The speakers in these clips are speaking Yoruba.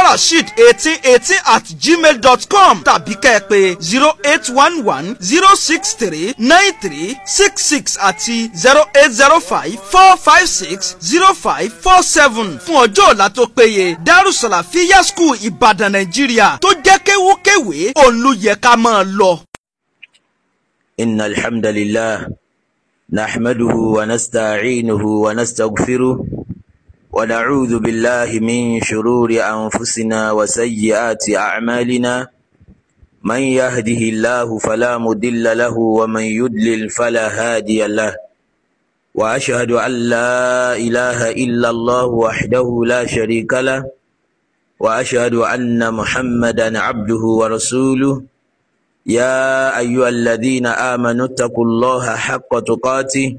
farasheed eighteen eighteen at gmail dot com tàbí kẹ́ẹ̀pè zero eight one one zero six three nine three six six àti zero eight zero five four five six zero five four seven fún ọjọ́ ọ̀la tó péye darussalafiya school ìbàdàn nàìjíríà tó jẹ́ kéwúkéwé òun ló yẹ ká máa lọ. إن الحمد لله نحمده ونستعينه ونستغفره ونعوذ بالله من شرور أنفسنا وسيئات أعمالنا من يهده الله فلا مضل له ومن يضلل فلا هادي له وأشهد أن لا إله إلا الله وحده لا شريك له وأشهد أن محمدا عبده ورسوله يا أيها الذين آمنوا اتقوا الله حق تقاته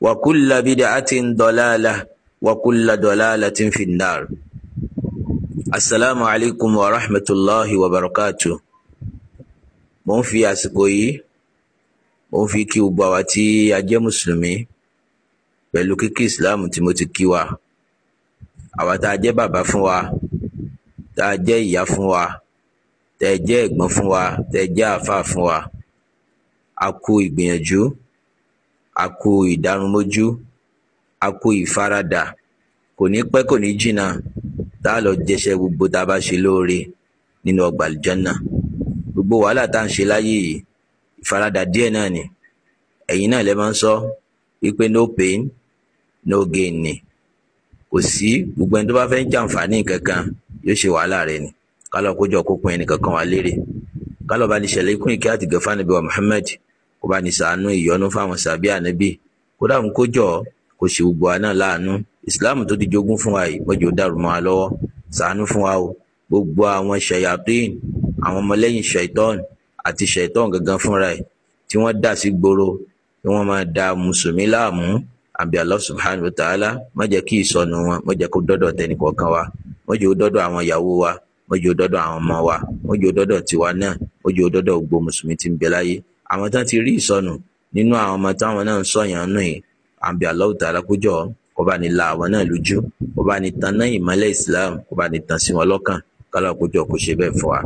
وكل بدعة ضلالة وكل ضلالة في النار السلام عليكم ورحمة الله وبركاته mo ń fi àsìkò yìí mo ń fi kí gbogbo àwa tí a jẹ́ mùsùlùmí pẹ̀lú kíkí islam tí mo ti kí wa àwa tá a jẹ́ bàbá fún wa tá a jẹ́ ìyá fún wa tẹ́ ẹ jẹ́ ẹ̀gbọ́n fún wa tẹ́ ẹ jẹ́ àáfàá fún wa a kú ìgbìyànjú a kú ìdánumójú, a kú ìfaradà, kò ní pẹ́ kò ní jìnnà tá a lọ jẹṣẹ́ gbogbo tá a bá ṣe lóore nínú ọgbà àlùjànnà. Gbogbo wàhálà tá à ń ṣe láyé yìí, ìfaradà díẹ̀ náà ni. Ẹ̀yin náà lẹ máa ń sọ wípé no pain no gain ni. Kò sí gbogbo ẹni tó bá fẹ́ jàǹfààní kankan yóò ṣe wàhálà rẹ̀ ni. Kálọ̀ kójọ kó pin ẹnì kankan wá lérè. Kálọ̀ bá ní ṣẹlẹ̀ ikú ìkẹ́ àtìgẹ̀ fún ànábì wa Muhammad kó bá ní ṣàánú ìyọ́nú fáwọn sàbí ànábì kó dáhùn kó jọ kó ṣe gbogbo wa náà láàánú ìsìláàmù tó ti jogún fún wa yìí mọ́jọ́ dàrú mọ́ wa lọ́wọ́ ṣàánú fún wa o gbogbo àwọn ṣayatin àwọn ọmọlẹ́yìn ṣaitan àti ṣaitan gangan fúnra ẹ̀ tí wọ́n dà sí gbòòrò tí wọ́n máa da mùsùlùmí láàmú àbí Allah subhanahu wa ta'ala má jẹ́ kí ìsọnù wọn má jẹ́ kó dọ́dọ̀ tẹnìkọ̀ọ̀kan wa má jẹ́ kó dọ́dọ̀ àwọn ìyàwó wa má jẹ́ dọ́dọ̀ àwọn ọmọ wa má jẹ́ dọ́dọ̀ tiwa náà má jẹ́ dọ́dọ̀ gbogbo mùsùlùmí tí ń bẹ láyé àwọn tán ti rí ìsọnù nínú àwọn ọmọ táwọn náà ń sọyàn nù yìí àbí Allahu Ta'ala kó bá ní la àwọn náà lójú kó bá ní tan náà ìmọ́lẹ̀ Islam kó bá ní tan sí wọn lọ́kàn kálọ̀ kójọ kó ṣe bẹ́ẹ̀ fún wa.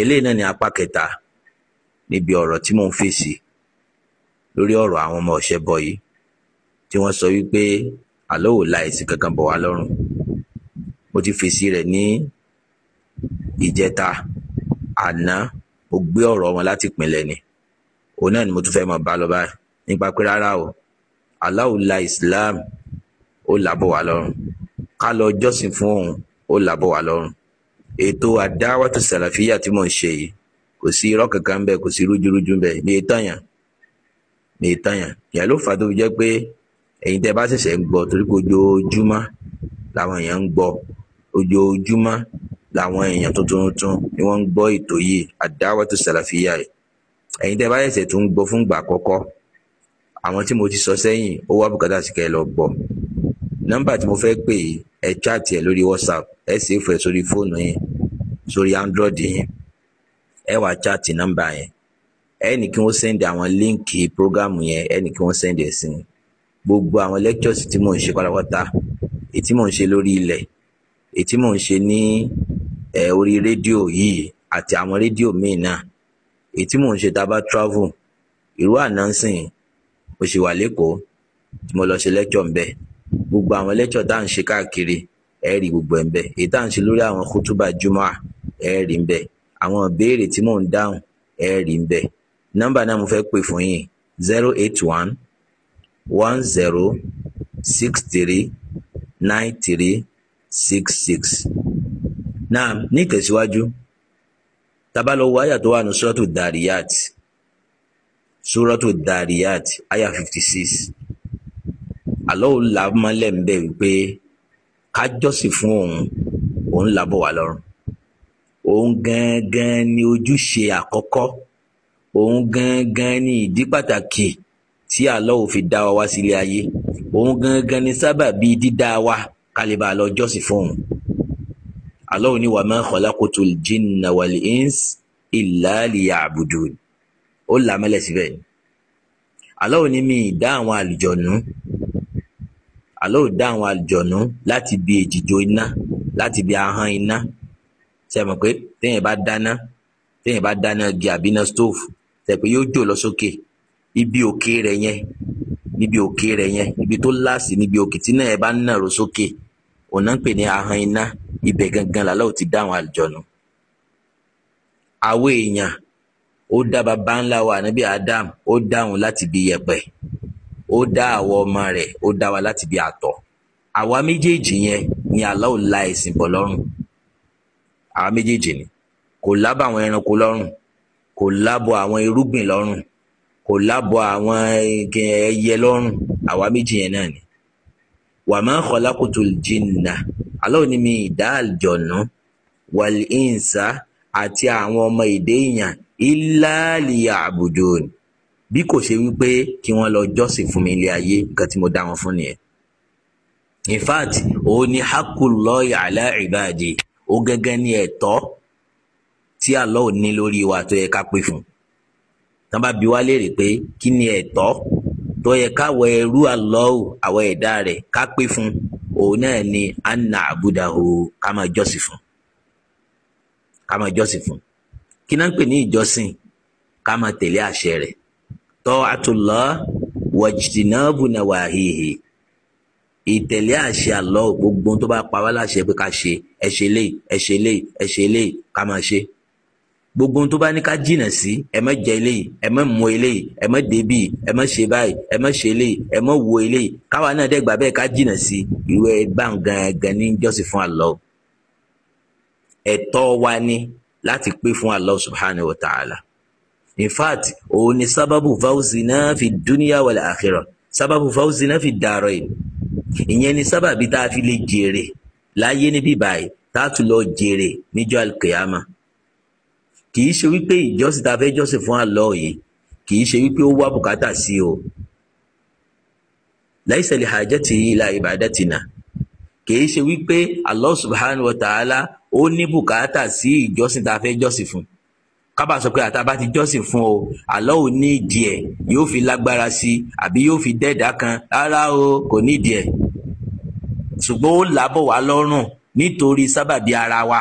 eléyìí náà ni apá kẹta níbi ọ̀rọ̀ tí mò ń fèsì lórí ọ̀rọ̀ àwọn ọmọ ọ̀ṣẹ́ bọ̀ yìí tí wọ́n sọ wípé Allah ò kankan bọ̀ wá lọ́rùn mo ti fèsì rẹ̀ ní ìjẹta àná mo gbé ọ̀rọ̀ wọn láti ìpínlẹ̀ ni òun náà ni mo tún fẹ́ mọ̀ bá lọ báyìí nípa pé rárá o Allah la Islam ó làbọ̀ wá lọ́rùn ká lọ jọ́sìn fún òun ó làbọ̀ wá lọ́rùn ètò àdáwàtò sàlàfíà tí mò ń ṣe yìí kò sí irọ́ kankan ń bẹ kò sí rújúrújú ń bẹ ní ìtàyàn ní ìtàyàn ìyá ló fà tó fi jẹ́ pé ẹ̀yin tẹ́ bá ṣẹ̀ṣẹ̀ ń gbọ́ torí pé ojoojúmọ́ làwọn èèyàn ń gbọ́ ojoojúmọ́ làwọn èèyàn tuntun tuntun ni wọ́n ń gbọ́ ètò yìí àdáwàtò sàlàfíà yìí ẹ̀yin tẹ́ bá ṣẹ̀ṣẹ̀ tún gbọ́ fún ìgbà àkọ́kọ́ àwọn tí mo ti sọ sẹ́yìn ó wá bùkátà sí kẹ́ lọ gbọ́ nọ́mbà tí mo fẹ́ pè ẹ chaàtì ẹ lórí whatsapp ẹ sì fẹ́ sórí fóònù yín sórí android yín ẹ wá chaàtì nọ́mbà yẹn ẹ ní kí wọ́n sẹ́ndì àwọn líǹkì prógámù yẹn ẹ ní kí wọ́n sẹ́ndì ẹ̀ sí i gbogbo àwọn lectures tí mò ń ṣe pátápátá èyí tí ń ṣe lórí ilẹ̀ èyí tí ń ṣe ní ẹ̀ orí rédíò yìí àti àwọn rédíò míì náà èyí tí mò ń ṣe tá a bá travel irú àná ńsìn mo ṣì wà lẹ́kọ̀ọ́ tí mo lọ ṣe lecture ńbẹ gbogbo àwọn lecture tá à ń ṣe káàkiri ẹ rí gbogbo ẹ̀ ńbẹ èyí tá à ń ṣe lórí àwọn kútúbà jùmọ̀ ẹ rí ńbẹ àwọn ìbéèrè tí mò ń dáhùn ẹ rí ńbẹ nọ́mbà náà mo fẹ́ pè fún yín zero eight one one zero six three nine three six six náà ní ìtẹ̀síwájú tábà lọ wo àyà tó wà ní suratu dariyat suratu dariyat àyà fifty six àlọ́ òun là mọ́lẹ̀ ń bẹ̀ wípé ká jọ́sìn fún òun òun làbọ̀ wà lọ́rùn òun gangan ni ojúṣe àkọ́kọ́ òun gangan ni ìdí pàtàkì tí àlọ́ ò fi dá wa wá sílé ayé òun gangan ni sábàbí dídá wa kálíbà lọ jọ́sìn fún òun Allah ní wa ma khalaqtul jinna wal ins illa liya'budun ó là mẹ́lẹ̀ síbẹ̀ Allah ní mi dá àwọn àlùjọ̀nù Allah dá àwọn àlùjọ̀nù láti bi èjìjọ iná láti bi ahọ́n iná ṣe mọ̀ pé téèyàn bá dáná téèyàn bá dáná igi àbíná stove ṣe yóò jò lọ sókè ibi òkè rẹ̀ yẹn níbi òkè rẹ̀ yẹn ibi tó láàsì níbi òkè tí náà ẹ bá ń nàró sókè òun náà ń pè ní ahọ́n iná ibẹ̀ gangan làlá ò ti dá àwọn àlùjọ̀nù àwọn èèyàn ó dá baba ńlá wa ànábì Adam ó dá òun láti bí yẹ̀pẹ̀ ó dá àwọn ọmọ rẹ̀ ó dá wa láti bí àtọ̀ àwa méjèèjì yẹn ni àlá ò la ẹ̀sìn bọ̀ lọ́rùn àwa méjèèjì ni kò lábọ̀ àwọn ẹranko lọ́rùn kò lábọ̀ àwọn irúgbìn lọ́rùn kò lábọ̀ àwọn ẹyẹ lọ́rùn àwa méjì yẹn náà ni wa ma khalaqtul jinna Allah ni mi ìdá àlùjọ̀nù wàlí ìǹsà àti àwọn ọmọ èdè èèyàn ìlàlìyà àbùjọ bí kò ṣe wípé kí wọ́n lọ jọ́sìn fún mi ilé ayé nǹkan tí mo dá wọn fún nìyẹn in fact òun ni hakullahi ala ibadi ó gẹ́gẹ́ ní ẹ̀tọ́ tí Allah ní lórí wa tó yẹ ká pè fún tán bá bi wá léèrè pé kí ni ẹ̀tọ́ tó yẹ káwọ ẹrú Allah àwọn ẹ̀dá rẹ̀ ká pè fún òun náà ni anna abudahu ká máa jọ́sìn fún ká máa jọ́sìn fún kí náà ń pè ní ìjọsìn ká máa tẹ̀lé àṣẹ rẹ̀ ta'atullah wajtinabu nawahihi ìtẹ̀lé àṣẹ Allah gbogbo tó bá pa wá láṣẹ pé ká ṣe ẹ ṣe léyìí ẹ ṣe léyìí ẹ ṣe gbogbo ohun tó bá ní ká jìnà sí ẹ má jẹ eléyìí ẹ má mu eléyìí ẹ má débi ẹ má ṣe báyìí ẹ má ṣe eléyìí ẹ má wo eléyìí káwa náà dẹ́gbà bẹ́ẹ̀ ká jìnà sí ìwé gbàǹgàǹgàn ní jọ́sìn fún Allah ẹ̀tọ́ wa ni láti pé fún Allah subhanahu wa ta'ala in fact òun ni sábàbù fawzina fi dúníyà wal akhirah sábàbù fawzina fi darain ìyẹn ni sábàbí tá a fi lè jèrè láyé níbí báyìí tá a tún lọ jèrè níjọ́ alkiyama kì í ṣe wípé ìjọsìn tá a fẹ́ jọ́sìn fún àlọ́ yìí kì í ṣe wípé ó wá bùkátà sí o laisa li hajati ila ibadatina kì í ṣe wípé Allah subhanahu wa ta'ala ó ní bùkátà sí ìjọsìn tá a fẹ́ jọ́sìn fún kábà sọ pé àtàbá ti jọ́sìn fún o Allah ò ní ìdí ẹ̀ yóò fi lágbára sí àbí yóò fi dẹ́ẹ̀dá kan rárá o kò ní ìdí ṣùgbọ́n ó làbọ̀ wá lọ́rùn nítorí sábàbí ara wa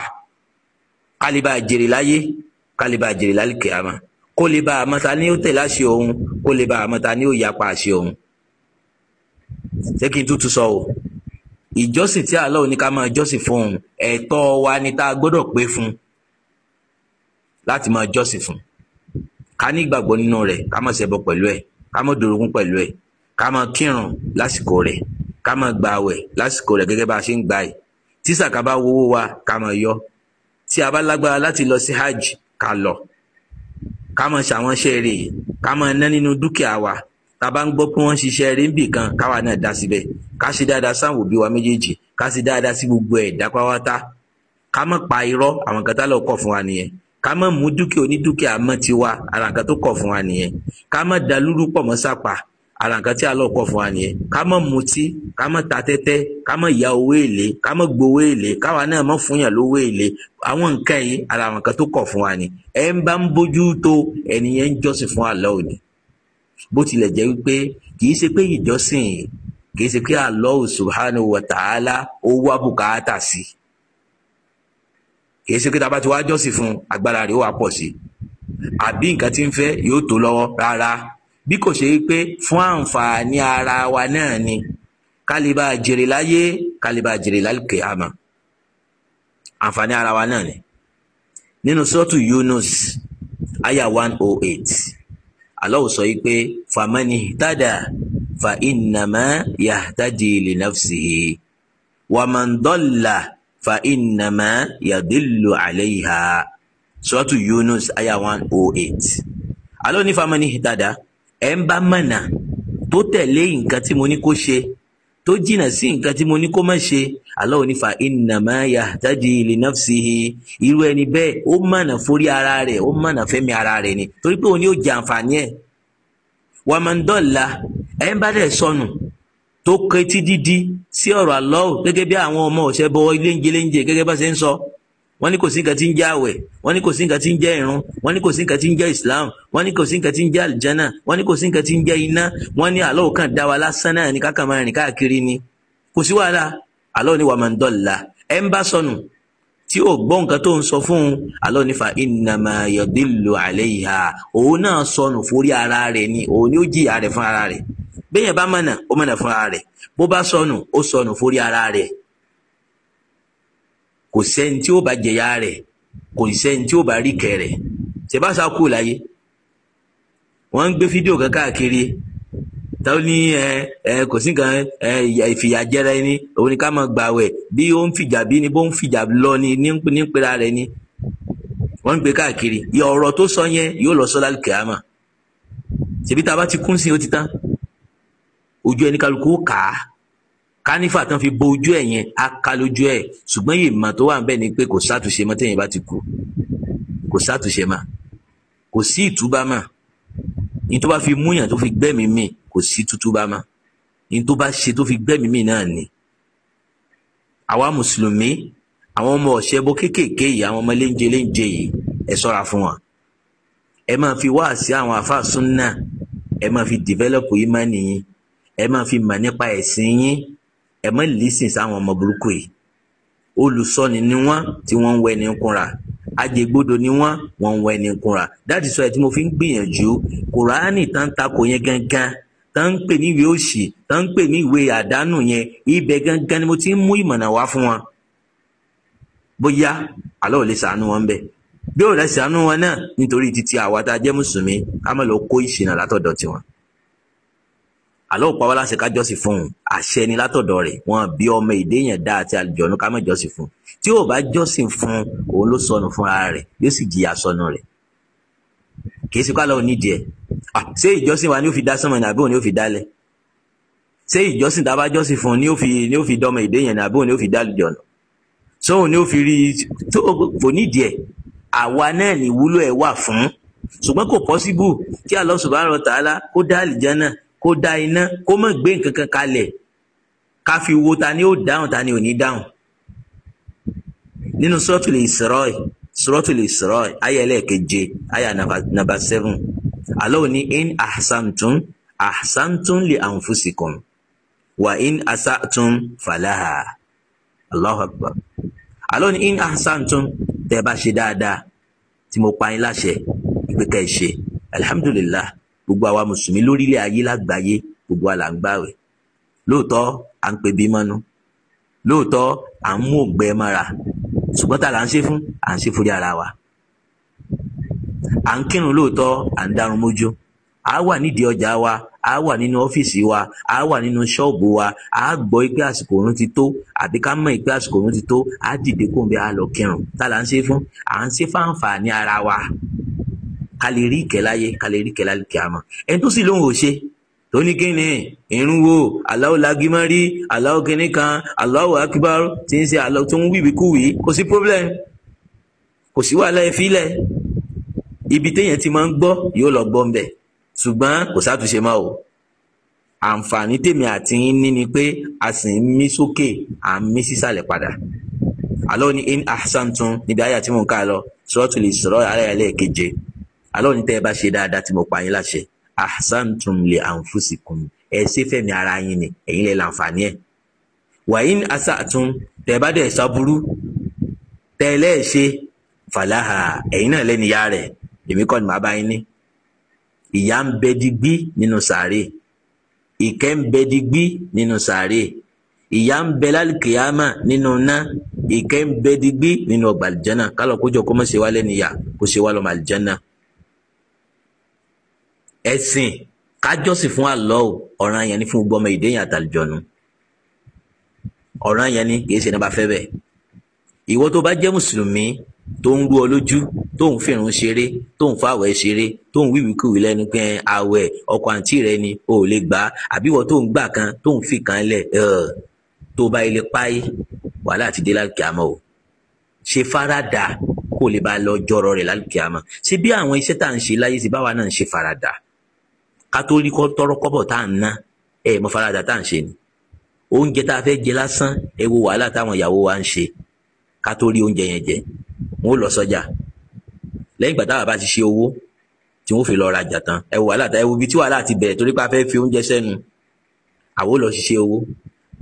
kálíbà jèrè láyé kálíbà jèrè lálùkẹ́ àmọ́ kó lè bá àmọ́ta ní ó tẹ̀ asi òun kó lè bá àmọ́ta ní ó yapa àṣẹ òun. ṣé kí sọ o ìjọsìn tí Allah ní ká máa jọ́sìn fún òun ẹ̀tọ́ wa ni tá a gbọ́dọ̀ pé fún láti máa jọ́sìn fún ká ní ìgbàgbọ́ nínú rẹ̀ ká má ṣẹbọ pẹ̀lú ẹ̀ ká má dorogún pẹ̀lú ẹ̀ ká má kírun lásìkò rẹ̀ ká má gba àwẹ̀ lásìkò rẹ̀ gẹ́gẹ́ bá a ṣe ń gbà yìí tí sàkà wowó wa ká má yọ tí a bá lágbára láti lọ sí hajj ká lọ ká máa ṣàwọn iṣẹ́ rè ká máa ná nínú dúkìá wa tá a bá ń gbọ́ pé wọ́n ṣiṣẹ́ rè ń bì kan káwa náà dá síbẹ̀ ká ṣe dáadáa sáwọn òbí wa méjèèjì ká ṣe dáadáa sí gbogbo ẹ̀dá pátá ká má pa irọ́ àwọn kan tá lọ kọ̀ fún wa nìyẹn ká má mú dúkìá onídúkìá mọ́ tiwa àwọn kan tó kọ̀ fún wa nìyẹn ká má da lúrú pọ̀ sápà ara nǹkan tí Allah kọ̀ fún wa nìyẹn ká má mutí ká má ta tẹ́tẹ́ ká má ya owó èlé ká má gbowó èlé káwa àwọn nǹkan yìí ara àwọn fún wa ni ẹ ń bá ń bójú tó ẹnìyẹn ń jọ́sìn fún Allah ni bó tilẹ̀ jẹ́ wípé kì í ṣe pé ìjọ́sìn kì í ṣe pé Allah subhanahu wa ta'ala ó wá bùkátà sí kì pé tá ti wá jọ́sìn fún agbára rẹ̀ ó wá pọ̀ àbí nǹkan tí ń fẹ́ yóò tó lọ́wọ́ rárá bí kò ṣe pé fún àǹfààní ara wa náà ni kálíbà jèrè láyé kálíbà jèrè lálùkè àmà àǹfààní ara wa náà ni nínú sọ́ọ̀tù Yunus aya one oh eight Allah sọ yìí pé famani tada fa innama yahtadi li nafsihi wa fa innama yadillu alayha sọ́ọ̀tù Yunus aya one oh eight Allah ní famani tada. ẹ̀ ń bá mọ̀nà tó tẹ̀lé nǹkan mo ní kó ṣe tó jìnnà sí nǹkan tí mo ní kó má ṣe Allah ní fa innama yahtadi li nafsihi irú ẹni bẹ́ẹ̀ ó mọ̀nà forí ara rẹ̀ ó mọ̀nà fẹ́mi ara rẹ̀ ni torí pé òun yóò jẹ àǹfààní ẹ̀ waman dalla ẹ̀ ń bá dẹ̀ sọnù tó kẹtí dídí sí ọ̀rọ̀ Allah gẹ́gẹ́ bí àwọn ọmọ ọ̀sẹ̀ wọ́n ní kò sí nǹkan tí ń jẹ́ àwẹ̀ wọ́n ní kò sí nǹkan tí ń jẹ́ irun wọ́n ní kò sí nǹkan tí ń jẹ́ islam wọ́n ní kò sí nǹkan tí ń jẹ́ àlìjánà wọ́n ní kò sí nǹkan tí ń jẹ́ iná wọ́n ní àlọ́ kan dá wa lásán náà ní káàkiri rìn káàkiri ni kò sí wàhálà àlọ́ ni wà máa ń dọ̀la ẹ̀ ń bá sọnù tí ò gbọ́ nǹkan tó ń sọ fún un àlọ́ nífa innama yadillu alayha òun náà sọnù forí ara rẹ̀ ni òun ni ó jìyà rẹ̀ fún ara rẹ̀ bẹ́ẹ̀ bá mọ̀nà ó mọ̀nà fún ara rẹ̀ bó bá sọnù ó sọnù forí ara rẹ̀ kò sẹ́ni tí ó bá jẹ̀yà rẹ̀ kò sẹ́ni tí ó bá rí kẹ̀ rẹ̀ ṣèbáṣà kú láyé wọ́n ń gbé fídíò kan káàkiri táwọn ní ẹ ẹ kò sí nǹkan ẹ ìfìyàjẹrẹ ni òun ni ká máa gbààwẹ̀ bí ó ń fìjà bí ni bó ń fìjà lọ ni ní pera rẹ̀ ni wọ́n ń gbé káàkiri ìyá ọ̀rọ̀ tó sọ yẹn yóò lọ sọ́lá kẹ́hámà ṣèbí tá a bá ti kún sí i ó ti tán ojú ẹni kálukú kà á kánífà tán fi bo ojú ẹ̀ yẹn á ká lójú ẹ̀ ṣùgbọ́n yìí mà tó wà ń bẹ̀ ni pé kò sátúnṣe mọ́ téèyàn bá ti kú kò sátúnṣe mà kò sí ìtúbá mà ní tó bá fi múyàn tó fi gbẹ́mìí mì kò sí tútúbá mà ní tó bá ṣe tó fi gbẹ́mìí mì náà ni àwa mùsùlùmí àwọn ọmọ ọ̀ṣẹ́bọ kéékèèké yìí àwọn ọmọ léńjẹ léńjẹ yìí ẹ ṣọ́ra fún wọn ẹ máa fi wá sí àwọn àfáà súnà ẹ máa fi dìvẹ́lọ̀pù ìmánì ẹ máa fi mà nípa ẹ̀sìn yín ẹ má lísìn sáwọn ọmọ burúkú yìí olùsọni ni wọ́n tí wọ́n ń wẹ ní kúnra ajẹgbọdọ ni wọ́n wọ́n ń wẹ ní kúnra dáàdì sọ ẹ tí mo fi ń gbìyànjú kùránì tán takò yẹn gangan tán pè ní ìwé òṣì tán pè ní ìwé àdánù yẹn ibẹ̀ gangan ni mo ti ń mú ìmọ̀nà wá fún wọn bóyá Allah ò lè ṣàánú wọn bẹ́ẹ̀ bí ò lè ṣàánú wọn náà nítorí títí àwa tá a jẹ́ mùsùlùmí ká má lọ kó ìṣìnà látọ̀dọ̀ tiwọn àlọ́ òpá wa láṣẹ ká jọ́sìn fún un àṣẹ ni látọ̀dọ̀ rẹ̀ wọn bí ọmọ èdè yẹn dá àti àlùjọ̀nù ká má jọ́sìn fún un tí ò bá jọ́sìn fún un òun ló sọnù fúnra rẹ̀ yóò sì jìyà sọnù rẹ̀ kì í ṣe pálọ̀ nídìí ẹ̀ ṣé ìjọ́sìn wa ni ó fi dá sánmọ̀ ní àbí òun ni ó fi dálẹ̀ ṣé ìjọ́sìn tá a bá jọ́sìn fún un ni ó fi ni ó fi dọ́mọ èdè yẹn ní àbí òun ni ó fi dá àlùjọ̀nù ṣùgbọ́n kò pọ́síbù kí Allah subhanahu kó dá àlùjànnà kó dá iná kó mọ̀ gbé nǹkan kan kalẹ̀ ká fi wo ta ni ó dáhùn ta ni ò ní dáhùn nínú suratul Isra suratul Isra àyá ẹlẹ́ẹ̀keje àyá nàbà seven Allah ní in ahsantum ahsantum li anfusikum wa in asa'tum falaha Allahu akbar Allah ní in ahsantum tẹ́ bá ṣe dáadáa tí mo pa yín láṣẹ ìgbéka ṣe alhamdulillah gbogbo àwa mùsùlùmí lórílẹ̀ ayé lágbàáyé gbogbo wa là ń gbààwẹ̀ lóòótọ́ à ń pe bímọ́nu lóòótọ́ à ń mú ògbẹ mọ́ra ṣùgbọ́n tá là ń ṣe fún à ń ṣe fúri ara wa à ń kírun lóòótọ́ à ń dárun mójú à wà nídìí ọjà wa à wà nínú ọ́fíìsì wa à wà nínú ṣọ́ọ̀bù wa à gbọ́ pé àsìkò òun ti tó àbí ká mọ̀ pé àsìkò òun ti tó à dìde kóńbé à lọ kírun tá là ń ṣe fún à ń ṣe fáǹfààní ara wa ká lè rí ìkẹ́ láyé ká lè rí ìkẹ́ láyé kí a mọ̀ ẹni tó sì lóun ò ṣe tó ní kíni irun wo aláwo lagimari aláwo kíní kan aláwo akibaru tí ń ṣe aláwo tó ń wíwí kúwì kò sí problem kò sí wàhálà ẹ fílẹ̀ ibi téèyàn ti máa ń gbọ́ yóò lọ gbọ́ ńbẹ̀ ṣùgbọ́n kò sátúnṣe mọ́ o àǹfààní tèmi àti yín ní ni pé a sì ń mí sókè à ń mí sísàlẹ̀ padà alọ́ ni in ahsan tún níbi àyà tí mò ń kà lọ sọ́ọ́tù lè sọ̀rọ̀ àyà ẹlẹ́ẹ̀keje alọ́ ní tẹ́ ẹ bá ṣe dáadáa tí mo pa yín láṣẹ ahsantum li anfusikum ẹ ṣe fẹ̀mí ara yín ni ẹ̀yin lè láǹfààní ẹ̀ wàyín asàtún tẹ́ ẹ bá dẹ̀ ṣàbúrú tẹ́ ẹ lẹ́ẹ̀ ṣe fàlàhà ẹ̀yin náà lẹ́nu ìyá rẹ̀ èmi kọ́ ni màá bá yín ní ìyà ń bẹ digbí nínú sàárè ìkẹ́ ń bẹ digbí nínú sàárè ìyà ń bẹ lálùkìyàmà nínú ná ìkẹ́ ń bẹ digbí nínú ọgbà àlìjánà kálọ̀ kójọ kó mọ̀ ṣe wá lẹ́nu ìyà kó ṣe wá lọ́mọ àlìjánà ẹ̀sìn kájọ́sìn fún àlọ́ o ọ̀ràn yẹn ni fún gbogbo ọmọ èdè yẹn àtàlùjọ̀nù ọ̀ràn yẹn ni kì í ṣe ní bá fẹ́ bẹ́ẹ̀ ìwọ tó bá jẹ́ mùsùlùmí tó ń rú ọ lójú tó ń fìrun ṣeré tó ń fàwẹ̀ ṣeré tó ń wíwíkúwì lẹ́nu pé àwẹ̀ ọkọ àǹtí rẹ ni o ò lè gbà àbí ìwọ tó ń gbà kan tó ń fi kan lẹ̀ tó bá ilé páyé wàhálà àti dé lálùkìámọ́ o ṣe faradà kó lè bá lọ jọrọ rẹ̀ lálùkìámọ́ ṣe bí àwọn iṣẹ́ tá à ń ṣe láyé sí báwa náà ṣe faradà ká tó rí tọrọ kọ́bọ̀ tá à ń ná ẹ mọ faradà tá à ń ṣe ni oúnjẹ tá a fẹ́ jẹ lásán ẹ wo wàhálà táwọn ìyàwó wa ń ṣe ká tó rí oúnjẹ yẹn jẹ wọn ò lọ sọ́jà lẹ́yìn ìgbà táwa bá ti ṣe owó tí wọn ò fi lọ rajà tán ẹ wo wàhálà tá ẹ wo ibi tí wàhálà ti bẹ̀rẹ̀ torí pé a fẹ́ fi oúnjẹ sẹ́nu àwo lọ ṣiṣẹ́ owó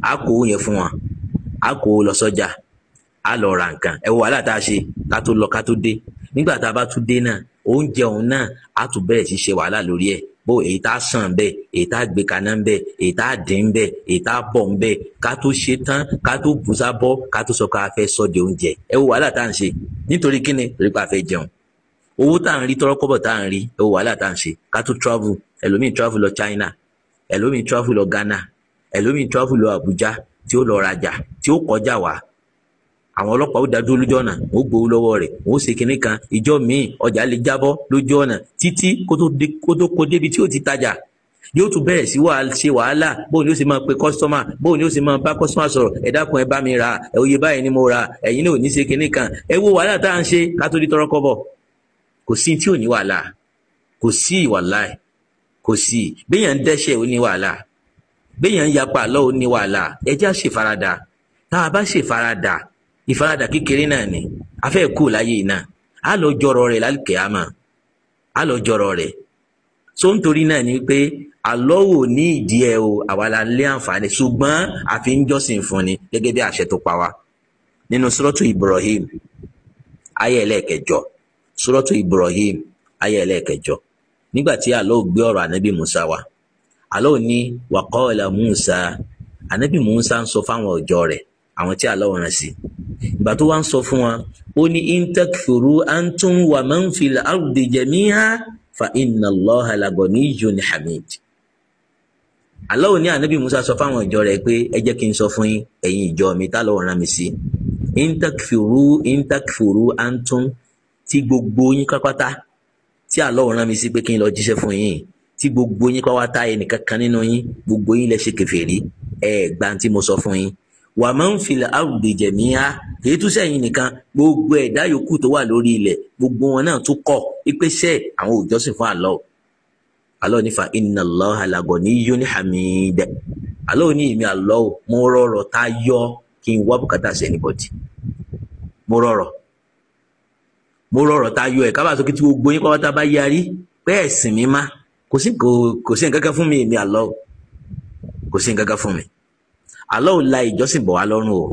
a kó owó yẹn fún wọn a kó o lọ sọ́jà a lọ ra nǹkan ẹ wo wàhálà tá a ṣe ká lọ ká dé nígbà tá tún dé náà oúnjẹ òun náà bó èyí tá a sàn bẹ́ẹ̀ èyí tá a gbé kaná bẹ́ẹ̀ èyí tá a dín bẹ́ẹ̀ èyí tá a bọ̀ bẹ́ẹ̀ ká tó ṣe tán ká tó bùsà bọ́ ká tó sọ ká fẹ́ sọ di oúnjẹ ẹ wo wàhálà tá à ń ṣe nítorí kíni torí pé fẹ́ jẹun owó tá à ń rí tọrọkọ́bọ̀ tá à ń rí ẹ wo wàhálà tá à ń ṣe ká tó travel ẹlòmíì travel lọ China ẹlòmíì travel lọ Ghana ẹlòmíì travel lọ Abuja tí ó lọ rajà tí ó kọjá wá àwọn ọlọ́pàá ó dájú lójú ọ̀nà wọ́n gbowó lọ́wọ́ rẹ̀ wọ́n ṣe kinní kan ìjọ míì ọjà lè jábọ́ lójú ọ̀nà títí kó tó kó débi tí ó ti tajà yóò tún bẹ̀rẹ̀ sí ṣe wàhálà bóun ni ó sì máa pe kọ́sítọ́mà bóun ni ó sì máa bá kọ́sítọ́mà sọ̀rọ̀ ẹ dákun ẹ bá mi ra oye báyìí ni mo ra ẹ̀yin náà ò ní ṣe kinní kan ẹ wo wàhálà tá à ń ṣe ká tó di tọrọ kọ́bọ̀ kò sí tí ò ní wàhálà kò sí ìwàlá ẹ̀ kò sí béèyàn ń dẹ́ṣẹ̀ ó ní wàhálà béèyàn ń yapa àlọ́ ó ní wàhálà ẹ já ṣèfaradà tá a bá ṣèfaradà ìfaradà kékeré náà ni afẹ́ kú láyé náà á lọ jọrọ rẹ̀ lálùkìyàmà á lọ jọrọ rẹ̀ so nítorí náà ni pé alọ́wò ní ìdí ẹ o àwa la ń lé àǹfààní ṣùgbọ́n àfi fún ni gẹ́gẹ́ bí àṣẹ tó pa wá nínú sọ́rọ́tù Ibrahim ayé ẹlẹ́ẹ̀kẹjọ sọ́rọ́tù Ibrahim ayé ẹlẹ́ẹ̀kẹjọ nígbà tí alọ́ gbé ọ̀rọ̀ ànábì Musa wá alọ́ ní wàkọ́ọ̀lá Musa ànábì Musa ń sọ fáwọn ọjọ́ rẹ̀ àwọn tí alọ́ rán sí i ìgbà tó wá ń sọ fún wa ó ní intakfuru antum wa man fil ardi jami'a fa inna Allaha lagoniyyun hamid. Allah ní ànábì Musa sọ fáwọn ìjọ rẹ̀ pé ẹ jẹ́ kí n sọ fún yín ẹ̀yin ìjọ mi tá lọ́wọ́ rán mi sí intakfuru intakfuru antum tí gbogbo yín pátápátá tí Allah rán mi sí pé kí n lọ jíṣẹ́ fún yín tí gbogbo yín pátápátá ẹnìkan kan nínú yín gbogbo yín lẹ ṣe kèfèrí ẹ gbà tí mo sọ fún yín wa máa ń filẹ̀ àrùbí jẹ̀míà èyí tún sẹ́yìn nìkan gbogbo ẹ̀dá yòókù tó wà lórí ilẹ̀ gbogbo wọn náà tún kọ̀ ipe àwọn òjọ́sìn fún àlọ́ àlọ́ nífa inna Allaha lagoniyyun hamid àlọ́ ní ìmí àlọ́ mo rọrọ̀ tá a yọ kí n wá bùkátà sí anybody mo rọrọ̀ mo rọrọ̀ tá a yọ ẹ̀ tí gbogbo yín pátá bá yarí pé ẹ̀sìn mi má kò sí fún mi ìmí àlọ́ kò sí fún mi. Allah la ìjọsìn bọ̀ wá lọ́rùn o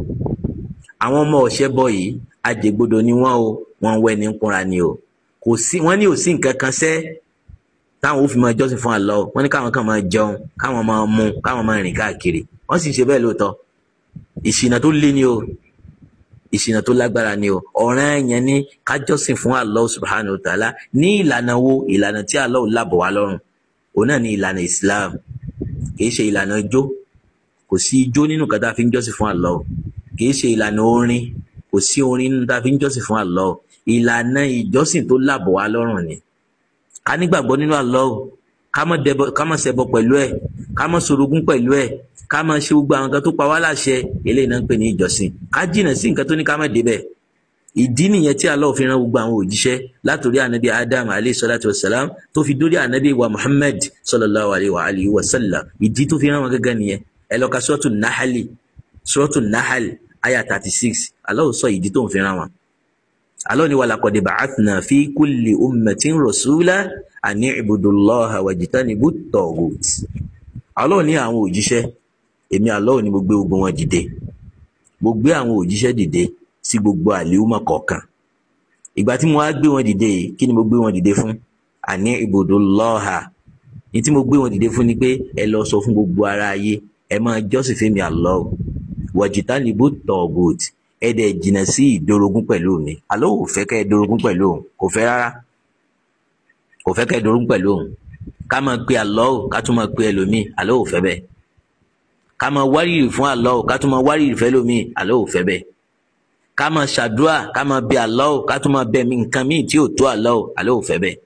àwọn ọmọ ọ̀ṣẹ́ bọ̀ yìí ajẹgbodò ni wọ́n o wọ́n wẹ́ ní kúnra ni o kò sí wọ́n ní òsín nǹkan kan sẹ́ táwọn ò fi máa jọ́sìn fún Allah wọ́n ní káwọn kan máa jẹun káwọn máa mu káwọn máa rìn káàkiri wọ́n sì ń ṣe bẹ́ẹ̀ lóòótọ́ ìṣìnà tó le ni o ìṣìnà tó lágbára ni o ọ̀ràn yẹn ni kájọ́sìn fún Allah subhanahu wa ta'ala ní ìlànà wo ìlànà kò sí ijó nínú kan tá a fi ń jọ́sìn fún Allah kì í ṣe ìlànà orin kò sí orin nínú tá a fi ń jọ́sìn fún Allah ìlànà ìjọ́sìn tó lábọ̀ wá lọ́rùn ni ká nígbàgbọ́ nínú Allah ká má ṣẹbọ pẹ̀lú ẹ̀ ká má sorogún pẹ̀lú ẹ̀ ká má ṣe gbogbo àwọn kan tó pa wá láṣẹ eléyìí náà ń pè ní ìjọ́sìn ká jìnnà sí nǹkan tó ní ká má débẹ̀ ìdí nìyẹn tí Allah fi rán gbogbo àwọn òjíṣẹ́ látòrí ànábì Adam alayhi salatu wasalam tó fi dórí ànábì wa Muhammad sallallahu alayhi wa alihi wa sallam ìdí tó fi rán wọn gẹ́gẹ́ nìyẹn ẹ lọ ka sọ́ọ̀tù nahali sọ́ọ̀tù nahali aya thirty six Allah sọ ìdí tó ń fi rán wọn. Allah ni walaqad ba'athna fi kulli ummatin rasula ani ibudullaha wajitanibu taghut. Allah ní àwọn òjíṣẹ́ èmi Allah ni mo gbé ogun wọn dìde mo gbé àwọn òjíṣẹ́ dìde sí gbogbo àlèhùmọ̀ kọ̀ọ̀kan ìgbà tí mo wá gbé wọn dìde kí ni mo gbé wọn dìde fún àní ibudullaha ní tí mo gbé wọn dìde fún ni pé ẹ lọ sọ fún gbogbo ara ayé ẹ máa jọ́sìn fún mi Allah wàjìtánì bó tọ̀gùt ẹ dẹ̀ jìnnà sí ìdórogún pẹ̀lú mi Allah ò fẹ́ kẹ́ ẹ dorogún pẹ̀lú òun kò fẹ́ rárá kò fẹ́ kẹ́ ẹ dorogún pẹ̀lú òun ká máa pe Allah ká tún máa pe ẹlòmíì Allah ò fẹ́ bẹ́ẹ̀ ká máa wárìrì fún Allah ká tún máa wárìrì fẹ́ lómii Allah ò fẹ́ bẹ́ẹ̀ ká máa ṣàdúrà ká máa bẹ Allah ká tún máa bẹ nǹkan míì tí ò tó Allah Allah ò fẹ́ bẹ́ẹ̀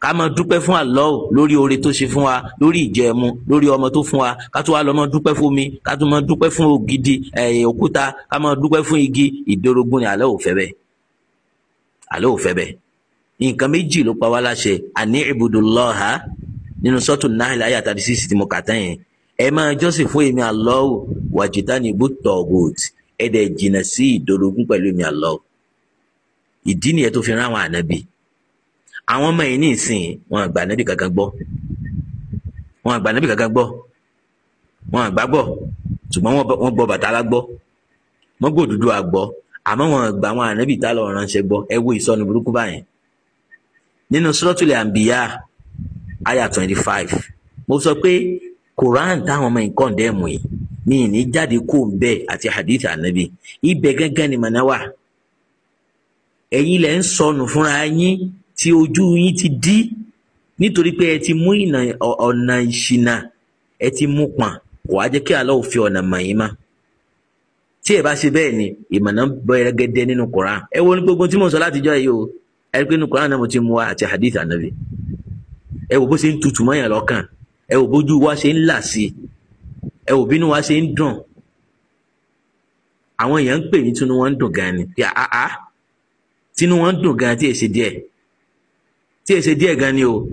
kama máa dúpẹ́ fún Allah lórí oore tó ṣe fún wa lórí ìjẹ̀mu lórí ọmọ tó fún wa ká tó wá lọ máa dúpẹ́ fún omi ká tó máa dúpẹ́ fún ògidì ẹ̀yìn eh, òkúta ká máa dúpẹ́ fún igi ìdórógún ni Allah ò fẹ́ bẹ́ẹ̀ Allah ò fẹ́ bẹ́ẹ̀ nǹkan méjì ló pa wá láṣẹ àní ibudullaha nínú sọ́tù Nahl ayé àtàdé sísì tí mo kà tán yẹn ẹ máa jọ́sìn fún èmi Allah wajitanibu taghut àwọn ọmọ yìí ní ìsìn wọn àgbà nábì kankan gbọ́ wọn àgbà nábì kankan gbọ́ wọn àgbà gbọ́ ṣùgbọ́n wọ́n gbọ́ bàtálá gbọ́ wọ́n gbọ́ Odùduwà gbọ́ àmọ́ wọn àgbà wọn ànábì tá lọ ránṣẹ́ gbọ́ ẹ wo ìsọnù burúkú báyẹn nínú Suratul Anbiya aya twenty five mo sọ pé Quran táwọn ọmọ yìí kàn dẹ́mu yìí ní ìní jáde kó ń bẹ àti hadith ànábì ibẹ̀ gángan ni mọ̀nà wà ẹ̀yin lẹ́ ń sọnù fúnra yín tí ojú yín ti dí nítorí pé ẹ ti mú ọ̀nà ìṣìnà ẹ ti mú pọ̀n kò wá jẹ́ kí Allah fi ọ̀nà mọ̀ yín mọ́ tí ẹ bá ṣe bẹ́ẹ̀ ni ìmọ̀nà bẹ̀rẹ̀ gẹ́dẹ́ nínú Quran ẹ wo ní gbogbo tí mo sọ látijọ́ yìí o ẹ rí pé nínú Quran náà mo ti mú wa àti hadith anabi ẹ wò bó ṣe ń tutù mọ́yàn lọ́kàn ẹ wò bójú wa ṣe ń là sí ẹ wò bínú wa ṣe ń dùn àwọn èèyàn ń pè ní tinú wọn ń dùn gan ni pé àá tinú wọn ń dùn gan tí èsì díẹ̀ tí èsè díẹ̀ gan ni o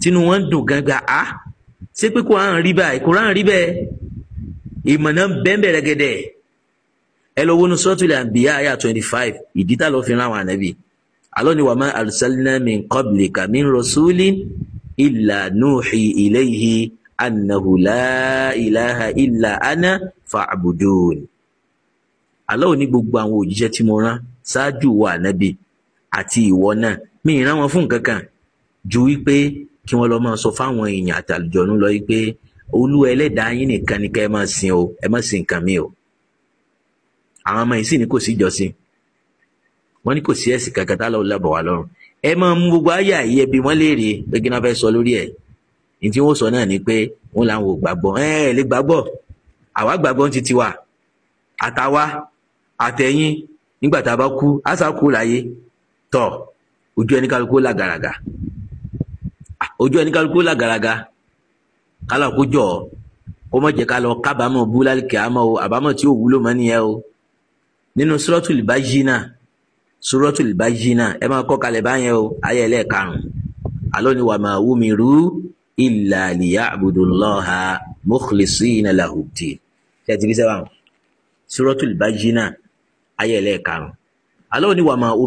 tinú wọn dùn gan gba a ṣé pé kò hàn rí báyìí kò hàn rí bẹ́ẹ̀ ìmọ̀nà bẹ́ẹ̀ rẹ́gẹ́dẹ́ ẹ lọ wọnú sọ́tùlì àbíyá àyà twenty five ìdí tá lọ́ọ́ fi rán àwọn ànábì alọ́ ni wà má arsalna min qablika min rasulin illa nuhi ilayhi annahu la ilaha illa ana fa'budun alọ́ ní gbogbo àwọn òjíṣẹ́ tí mo rán ṣáájú wa ànábì mi ìran wọn fún nǹkan kan ju wípé kí wọ́n lọ máa sọ fáwọn èèyàn àti àlùjọ̀nú lọ wípé olú ẹlẹ́dàá yín nìkan ni ká ẹ máa sìn o ẹ má sìn nǹkan mi o àwọn ọmọ yìí sì ní kò sí ìjọsìn wọ́n ní kò sí ẹ̀sìn kankan tá lọ lábọ̀ wá lọ́rùn ẹ máa mú gbogbo ayé àyè ẹbí wọn léèrè pé kí wọ́n fẹ́ sọ lórí ẹ̀ ní tí wọ́n sọ náà ni pé wọ́n làwọn ò gbàgbọ́ ẹ ẹ lè gbàgbọ́ àwa gbàgbọ́ ti tiwa àtàwa àtẹ̀yìn nígbà tá a bá kú àṣà kú láyé tọ̀ ojú ẹni kálukú làgàràgà ojú ẹni kálukú làgàràgà kálọ̀ kó jọ̀ kó má jẹ́ ká lọ kábàámọ̀ bú lálùkẹ́ àmọ́ o àbámọ̀ tí ò wúlò mọ́ nìyẹn o nínú suratul Bajina suratul Bajina ẹ máa kọ́ kalẹ̀ báyẹn o ayé ẹlẹ́ẹ̀karùn alọ́ ni wà máa wú mi rú illa liya'budullaha mukhlisina lahud-din ṣe ti rí sẹ́wọ̀n suratul Bajina ayé ẹlẹ́ẹ̀karùn alọ́ ni wà máa wú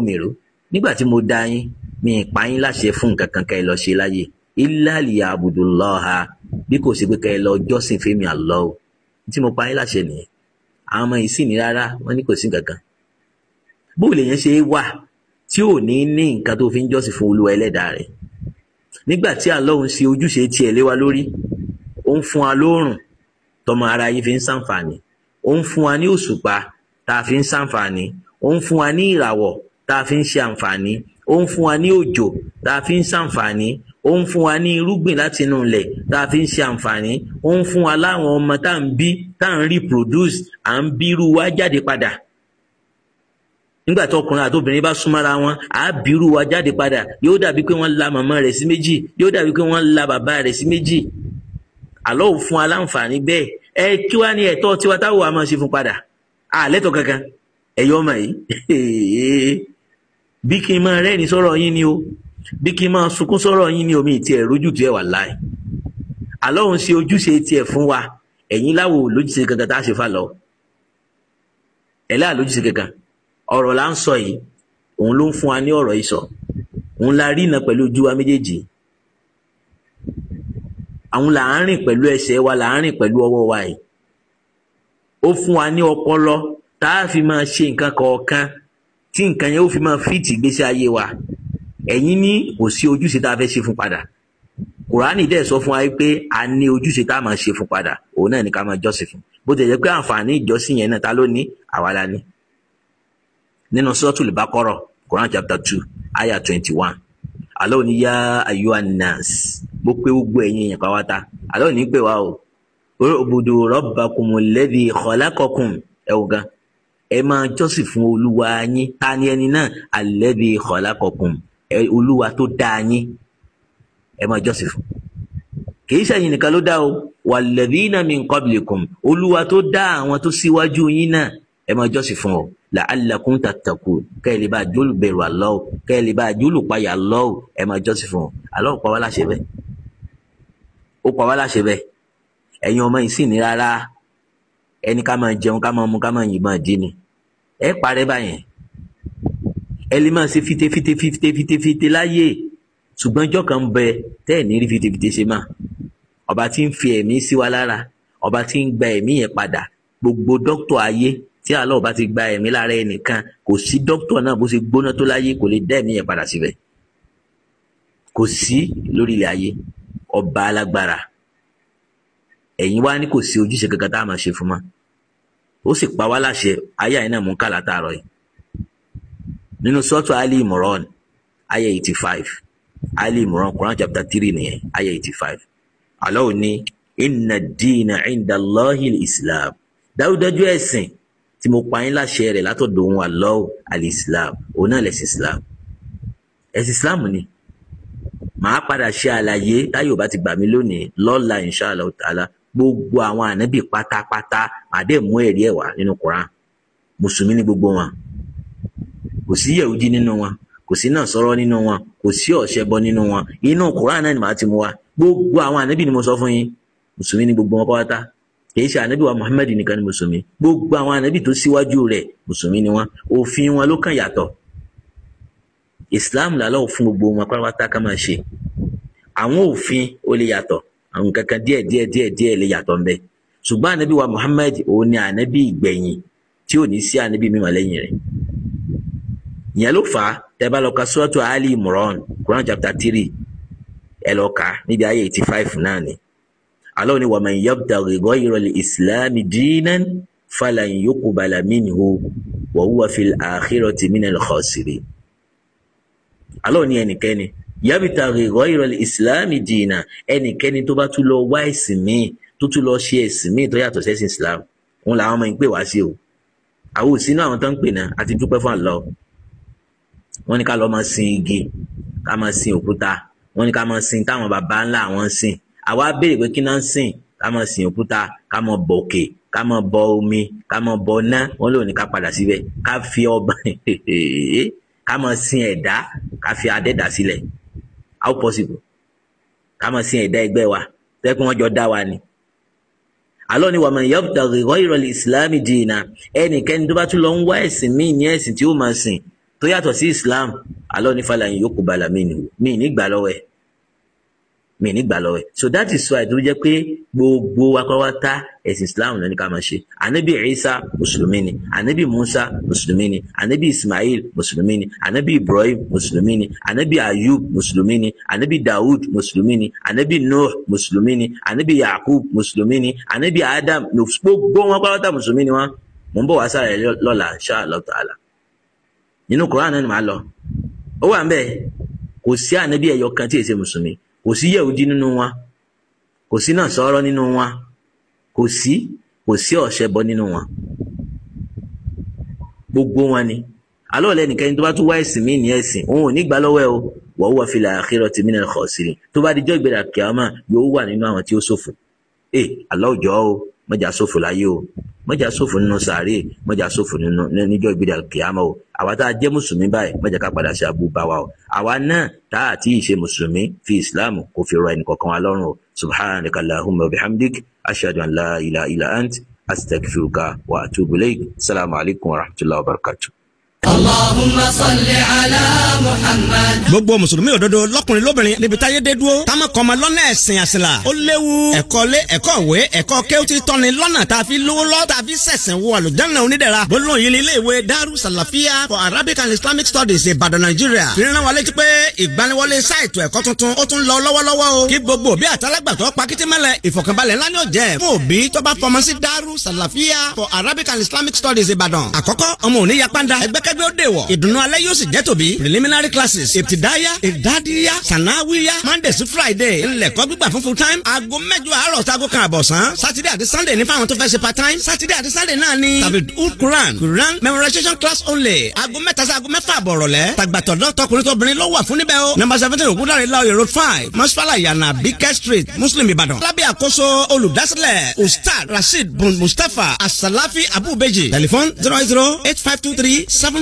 nígbà tí mo dá yín mi ì yín láṣẹ fún nǹkan kankan ẹ lọ ṣe láyé illa liyabudullaha bí kò sí pé kẹ́ ẹ lọ jọ́sìn fẹ́mi Allah tí mo pa yín láṣẹ nìyẹn àwọn ọmọ yìí sì ní rárá wọ́n ní kò sí nǹkan kan bóòlù èèyàn ṣe wà tí ò ní ní nǹkan tó fi ń jọ́sìn fún olúwa ẹlẹ́dàá rẹ̀ nígbà tí Allah ń ṣe ojúṣe tiẹ̀ lé lórí ó ń fún wa lóòrùn tọmọ ara yín fi ń ṣàǹfààní ó ń fún wa ní òṣùpá tá a fi ń ṣàǹfààní ó ń fún wa ní ìràwọ̀ tá a fi ń ṣe àǹfààní ó ń fún wa ní òjò tá a fi ń ṣàǹfààní ó ń fún wa ní irúgbìn láti inú ilẹ̀ tá a fi ń ṣe àǹfààní ó ń fún wa láwọn ọmọ tá à ń bí tá à ń reproduce à ń bírú wa jáde padà nígbà tí ọkùnrin àti obìnrin bá súnmọ́ra wọn á bírú wa jáde padà yóò dàbí pé wọ́n la màmá rẹ̀ sí méjì yóò dàbí pé wọ́n la bàbá rẹ̀ sí méjì àlọ́ ò fún wa láǹfààní bẹ́ẹ̀ ẹ kí wá ní ẹ̀tọ́ tiwa táwọn àmọ́ ṣe fún padà àlẹ́tọ̀ kankan ẹ̀yọ́ ọmọ yìí bí kí n máa rẹ́rìn sọ̀rọ̀ yín ni o bí kí n máa sunkún sọ̀rọ̀ yín ni omi ìtì ẹ̀ jùtì ẹ̀ wà láì àlọ́hùn ṣe ojúṣe tiẹ̀ fún wa ẹ̀yin láwo lójúṣe kankan tá a ṣe fà lọ ẹ̀ láà kankan ọ̀rọ̀ là ń yìí òun ló ń wa ní ọ̀rọ̀ òun la rí iná pẹ̀lú ojú wa méjèèjì àwọn là ń rìn pẹ̀lú ẹsẹ̀ wa tí nǹkan yẹn ó fi máa fíìtì gbèsè ayé wa ẹ̀yin ní kò sí ojúṣe tá a fẹ́ ṣe fún padà kùránì dẹ̀ sọ fún wa pé a ní ojúṣe tá a máa ṣe fún padà òun náà ní ká máa jọ́sìn fún bó ti jẹ́ pé àǹfààní ìjọsìn yẹn náà ta ló ní àwa la ní nínú suratul Baqara Quran chapter two ayah twenty one Allah ní yá ayú anas mo pé gbogbo ẹ̀yin èèyàn pàwátá Allah ní pè wá o obudu rabbakumul ladhi khalaqakum ẹ̀wọ̀n gan ẹ máa jọ́sìn fún olúwa yín ta ni ẹni náà alladhi khalaqakum olúwa tó dá yín ẹ máa jọ́sìn fún kìí ṣẹ̀yin nìkan ló dá o walladhina min qablikum olúwa tó dá àwọn tó síwájú yín náà ẹ máa jọ́sìn fún o la'allakum tattaqun kẹ́ ẹ lè bá jólù bẹ̀rù Allah kẹ́ ẹ lè bá jólù payà Allah ẹ máa jọ́sìn fún o Allah pa wá láṣẹ bẹ́ẹ̀ ó pa wá láṣẹ bẹ́ẹ̀ ẹ̀yin ọmọ yìí sì ní rárá ẹni ká máa jẹun ká máa mu ká máa yìnbọn dín ni ẹ parẹ́ báyẹn ẹ lè máa ṣe fite fite fite fite fite láyè ṣùgbọ́n ọjọ́ kan bẹ tẹ́ ẹ̀ ní rí fite fite ṣe máa ọba tí ń fi ẹ̀mí sí wa lára ọba tí ń gba ẹ̀mí yẹn padà gbogbo dókítà ayé tí Allah bá ti gba ẹ̀mí lára ẹnìkan kò sí dókítà náà bó ṣe gbóná tó láyé kò lè dá ẹ̀mí yẹn padà síbẹ̀ kò sí lórí ilẹ̀ ayé ọba alágbára ẹ̀yin wá ní kò sí ojúṣe kankan tá a máa ṣe fún mọ́ ó sì pa wá láṣẹ ayé àyìn náà mú ká látàárọ̀ yìí nínú sọ́tù ali imran ayé eighty five ali imran quran chapter three nìyẹn ayé eighty five Allah ni inna dina inda Allahi islam dájúdájú ẹ̀sìn tí mo pa yín láṣẹ rẹ̀ látọ̀dọ̀ òun Allah al-islam òun náà lẹ̀sìn islam ẹ̀sìn islam ni màá padà ṣe àlàyé táyọ̀ bá ti gbà mí lónìí lọ́la insha gbogbo àwọn ànábì pátápátá àdéhùn ẹ̀rí ẹ̀ wá nínú Quran mùsùlùmí ní gbogbo wọn kò sí yẹ̀wùdí nínú wọn kò sí náà sọ̀rọ̀ nínú wọn kò sí ọ̀ṣẹbọ nínú wọn inú Quran náà ni màá ti mú wa gbogbo àwọn ànábì ni mo sọ fún yín mùsùlùmí ní gbogbo wọn pátá kìí ṣe ànábì wa Muhammad nìkan ni mùsùlùmí gbogbo àwọn ànábì tó síwájú rẹ̀ mùsùlùmí ni wọn òfin wọn ló kàn yàtọ̀ Islam làlọ́ fún gbogbo wọn pátápátá ká máa ṣe àwọn òfin ó lè yàtọ̀ àwọn kankan díẹ̀ díẹ̀ díẹ̀ díẹ̀ lè yàtọ̀ ńbẹ ṣùgbọ́n ànábì wa Muhammad òun ni ànábì ìgbẹ̀yìn tí ò ní sí ànábì mímọ́ lẹ́yìn rẹ̀ ìyẹn ló fà á tẹ́ bá lọ ka Ali Imran Quran chapter three ẹ lọ níbi ayé eighty five náà ni Allah ni waman yabtaghi ghayra al-islami dinan falan yuqbala minhu wa huwa fil akhirati minal khasirin Allah ni ẹnikẹ́ni yabitaghi ghayral ìsìláàmì dìínà ẹnikẹ́ni tó bá tún lọ wá ẹ̀sìn míì tó tún lọ ṣe ẹ̀sìn míì tó yàtọ̀ sẹ́sìn islam òun làwọn ọmọ yìí pè wá sí o àwọn òsínú àwọn tó ń pè náà àti dúpẹ́ fún àlọ́ wọ́n ní ká lọ́ọ́ máa sin igi ká máa sin òkúta wọ́n ni ká máa sin táwọn bàbá ńlá àwọn ń sìn àwa béèrè pé kí náà ń sìn ká máa sin òkúta ká máa bọ òkè ká máa bọ omi ká máa bọ ná wọ́n lò ní ká padà síbẹ̀ ká fi ọba ká máa sin ẹ̀dá ká fi adẹ́dà sílẹ̀ how possible ká mọ̀ sí ẹ̀dá ẹgbẹ́ wa tẹ́ pé wọ́n jọ dá wa ni àlọ́ ni wàmọ̀ yabtaghi ghayra al-islami dina ẹnikẹ́ni tó bá tún lọ ń wá ẹ̀sìn míì ní ẹ̀sìn tí ó máa sìn tó yàtọ̀ sí islam àlọ́ ni falan yuqbala minhu míì nígbà lọ́wọ́ ẹ̀ mi nígbà lọ́wọ́ ẹ̀ so that is why tó jẹ́ pé gbogbo akọ́wátá ẹ̀sìn islam ló ní ká máa ṣe anabi isa mùsùlùmí ni anabi musa mùsùlùmí ni anabi ismail mùsùlùmí ni anabi ibrahim mùsùlùmí ni anabi ayub mùsùlùmí ni anabi daud mùsùlùmí ni anabi nuh mùsùlùmí ni anabi yakub mùsùlùmí ni anabi adam gbogbo wọn akọ́wátá mùsùlùmí ni wọn mò ń bọ̀ wá sára ẹ̀ lọ́la insha Allah ni màá lọ ó wà ń bẹ́ẹ̀ kò sí ànábì ẹ̀yọ kan tí èsè mùsùlùmí kò sí yẹ̀húdí nínú wọn kò sí nàṣọ́rọ́ nínú wọn kò sí kò sí ọ̀ṣẹbọ nínú wọn gbogbo wọn ni alọ́ọ̀lẹ́ nìkẹ́ni tó bá tún wá ẹ̀sìn míì ní ẹ̀sìn òun ò ní gbà lọ́wọ́ ẹ o wa huwa fil akhirati minal khasirin tó bá dijọ́ ìgbéra kìámà yóò wà nínú àwọn tí ó ṣòfò ẹ alọ́ọ̀jọ́ o mọ́jà sófò láyé o mọ́jà sófò nínú sàárè mọ́jà sófò nínú níjọ́ ìgbéra kìámọ́ o àwa tá a jẹ́ mùsùlùmí báyìí mọ́jà ká padà sí abú wa o àwa náà tá a ti ṣe mùsùlùmí fi islam kò fi rọ ẹnì kọ̀ọ̀kan wa lọ́rùn o subhanaka allahumma wa bihamdik ashhadu an la ilaha illa ant astaghfiruka wa atubu ilayk assalamu alaikum wa rahmatullahi wa barakatuh. Allahumma salli ala Muhammad. gbogbo mùsùlùmí òdodo lọkùnrin lóbìnrin níbi táyé dé dúró táwọn kan máa lọ́nà ẹ̀sìn àṣìlá ó léwu ẹ̀kọ́ lé ẹ̀kọ́ ìwé ẹ̀kọ́ kéwútì tọ́ni lọ́nà tá a fi lówó lọ́ tá a fi sẹ̀sẹ̀ wọ àlùjáná onídẹ̀ra gbólóhùn yìí ní ilé ìwé Daru Salafia for Arabic and Islamic Studies Ìbàdàn Nàìjíríà ìrìnà wa létí pé ìgbaniwọlé sáìtù ẹ̀kọ́ tuntun ó tún lọ lọ́wọ́lọ́wọ́ o kí kẹgbẹ́ ó dè wọ̀ ìdùnnú alẹ́ yóò sì jẹ́ tòbí preliminary classes ìtìdáyà ìdádíyà sànáwíyà monday to friday ńlẹ̀kọ́ gbígbà fún full time aago mẹ́jọ àárọ̀ sago kan àbọ̀sán saturday àti sunday ní fáwọn tó fẹ́ ṣe part time saturday àti sunday náà ni tàbí quran quran memorization class only aago mẹ́ta sí aago mẹ́fà àbọ̀rọ̀lẹ́ tàgbàtọ̀dọ́ tọkùnrin tóbìnrin ló wà fún níbẹ̀ o number seventeen ògúndàrin laoye road five mọ́sálà yànnà bíkẹ́ street muslim ìbàdàn lábẹ́ àkóso olùdásílẹ̀ ustaz rasheed bun mustapha asalafi abubeji tẹlifon zero eight zero eight five two three seven